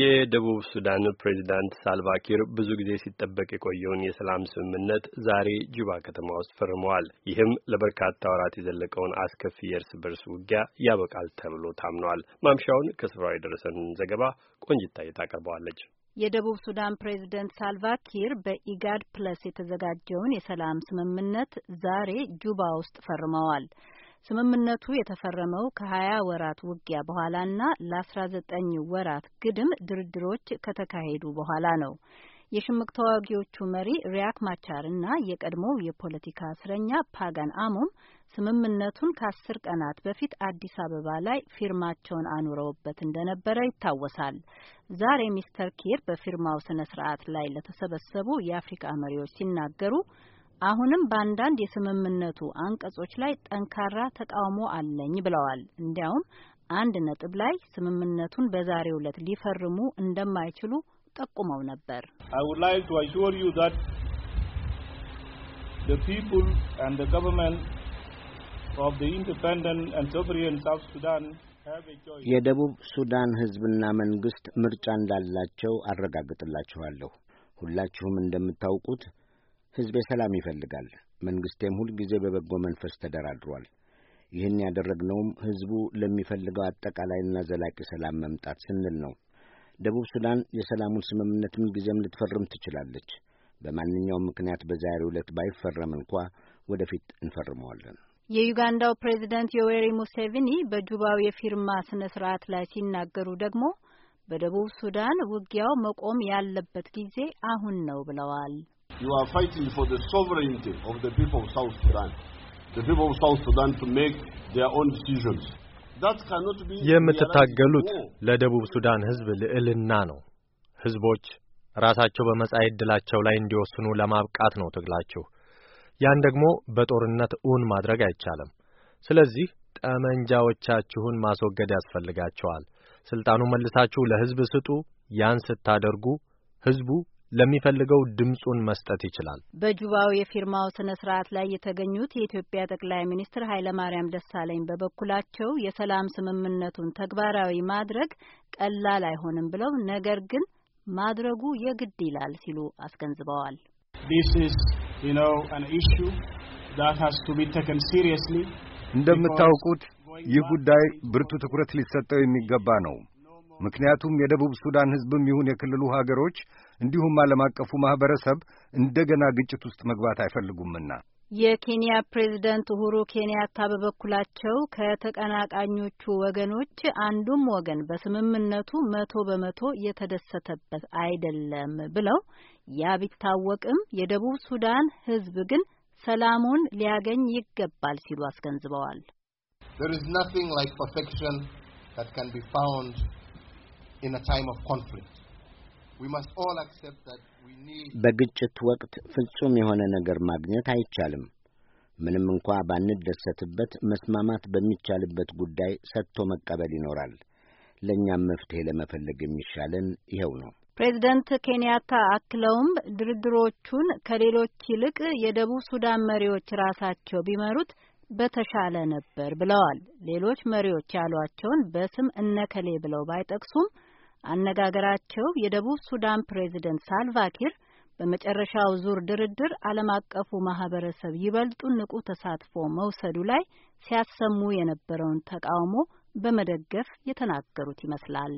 የደቡብ ሱዳን ፕሬዚዳንት ሳልቫኪር ብዙ ጊዜ ሲጠበቅ የቆየውን የሰላም ስምምነት ዛሬ ጁባ ከተማ ውስጥ ፈርመዋል። ይህም ለበርካታ ወራት የዘለቀውን አስከፊ የእርስ በርስ ውጊያ ያበቃል ተብሎ ታምኗል። ማምሻውን ከስፍራው የደረሰን ዘገባ ቆንጅታ ታቀርበዋለች። የደቡብ ሱዳን ፕሬዝደንት ሳልቫኪር በኢጋድ ፕለስ የተዘጋጀውን የሰላም ስምምነት ዛሬ ጁባ ውስጥ ፈርመዋል። ስምምነቱ የተፈረመው ከሀያ ወራት ውጊያ በኋላና ለአስራ ዘጠኝ ወራት ግድም ድርድሮች ከተካሄዱ በኋላ ነው። የሽምቅ ተዋጊዎቹ መሪ ሪያክ ማቻር እና የቀድሞው የፖለቲካ እስረኛ ፓጋን አሞም ስምምነቱን ከአስር ቀናት በፊት አዲስ አበባ ላይ ፊርማቸውን አኑረውበት እንደነበረ ይታወሳል። ዛሬ ሚስተር ኪር በፊርማው ስነ ስርዓት ላይ ለተሰበሰቡ የአፍሪካ መሪዎች ሲናገሩ አሁንም በአንዳንድ የስምምነቱ አንቀጾች ላይ ጠንካራ ተቃውሞ አለኝ ብለዋል። እንዲያውም አንድ ነጥብ ላይ ስምምነቱን በዛሬው ዕለት ሊፈርሙ እንደማይችሉ ጠቁመው ነበር። የደቡብ ሱዳን ሕዝብና መንግስት ምርጫ እንዳላቸው አረጋግጥላችኋለሁ። ሁላችሁም እንደምታውቁት ሕዝቤ ሰላም ይፈልጋል። መንግሥቴም ሁልጊዜ በበጎ መንፈስ ተደራድሯል። ይህን ያደረግነውም ሕዝቡ ለሚፈልገው አጠቃላይና ዘላቂ ሰላም መምጣት ስንል ነው። ደቡብ ሱዳን የሰላሙን ስምምነት ምንጊዜም ልትፈርም ትችላለች። በማንኛውም ምክንያት በዛሬ ዕለት ባይፈረም እንኳ ወደፊት እንፈርመዋለን። የዩጋንዳው ፕሬዚደንት ዮዌሪ ሙሴቪኒ በጁባው የፊርማ ስነ ስርዓት ላይ ሲናገሩ ደግሞ በደቡብ ሱዳን ውጊያው መቆም ያለበት ጊዜ አሁን ነው ብለዋል። You are fighting for the sovereignty of the people of South Sudan. The people of South Sudan to make their own decisions. የምትታገሉት ለደቡብ ሱዳን ሕዝብ ልዕልና ነው። ሕዝቦች ራሳቸው በመጻኢ ዕድላቸው ላይ እንዲወስኑ ለማብቃት ነው ትግላችሁ። ያን ደግሞ በጦርነት እውን ማድረግ አይቻልም። ስለዚህ ጠመንጃዎቻችሁን ማስወገድ ያስፈልጋቸዋል። ስልጣኑ መልሳችሁ ለሕዝብ ስጡ። ያን ስታደርጉ ሕዝቡ ለሚፈልገው ድምፁን መስጠት ይችላል። በጁባው የፊርማው ስነ ስርዓት ላይ የተገኙት የኢትዮጵያ ጠቅላይ ሚኒስትር ኃይለማርያም ደሳለኝ በበኩላቸው የሰላም ስምምነቱን ተግባራዊ ማድረግ ቀላል አይሆንም ብለው ነገር ግን ማድረጉ የግድ ይላል ሲሉ አስገንዝበዋል። እንደምታውቁት ይህ ጉዳይ ብርቱ ትኩረት ሊሰጠው የሚገባ ነው። ምክንያቱም የደቡብ ሱዳን ሕዝብም ይሁን የክልሉ ሀገሮች እንዲሁም ዓለም አቀፉ ማኅበረሰብ እንደገና ግጭት ውስጥ መግባት አይፈልጉምና። የኬንያ ፕሬዝደንት ኡሁሩ ኬንያታ በበኩላቸው ከተቀናቃኞቹ ወገኖች አንዱም ወገን በስምምነቱ መቶ በመቶ የተደሰተበት አይደለም ብለው ያ ቢታወቅም የደቡብ ሱዳን ህዝብ ግን ሰላሙን ሊያገኝ ይገባል ሲሉ አስገንዝበዋል። There is nothing like perfection that can be found በግጭት ወቅት ፍጹም የሆነ ነገር ማግኘት አይቻልም። ምንም እንኳ ባንደሰትበት፣ መስማማት በሚቻልበት ጉዳይ ሰጥቶ መቀበል ይኖራል። ለእኛም መፍትሄ ለመፈለግ የሚሻለን ይኸው ነው። ፕሬዚደንት ኬንያታ አክለውም ድርድሮቹን ከሌሎች ይልቅ የደቡብ ሱዳን መሪዎች ራሳቸው ቢመሩት በተሻለ ነበር ብለዋል። ሌሎች መሪዎች ያሏቸውን በስም እነከሌ ብለው ባይጠቅሱም አነጋገራቸው የደቡብ ሱዳን ፕሬዝደንት ሳልቫኪር በመጨረሻው ዙር ድርድር ዓለም አቀፉ ማህበረሰብ ይበልጡ ንቁ ተሳትፎ መውሰዱ ላይ ሲያሰሙ የነበረውን ተቃውሞ በመደገፍ የተናገሩት ይመስላል።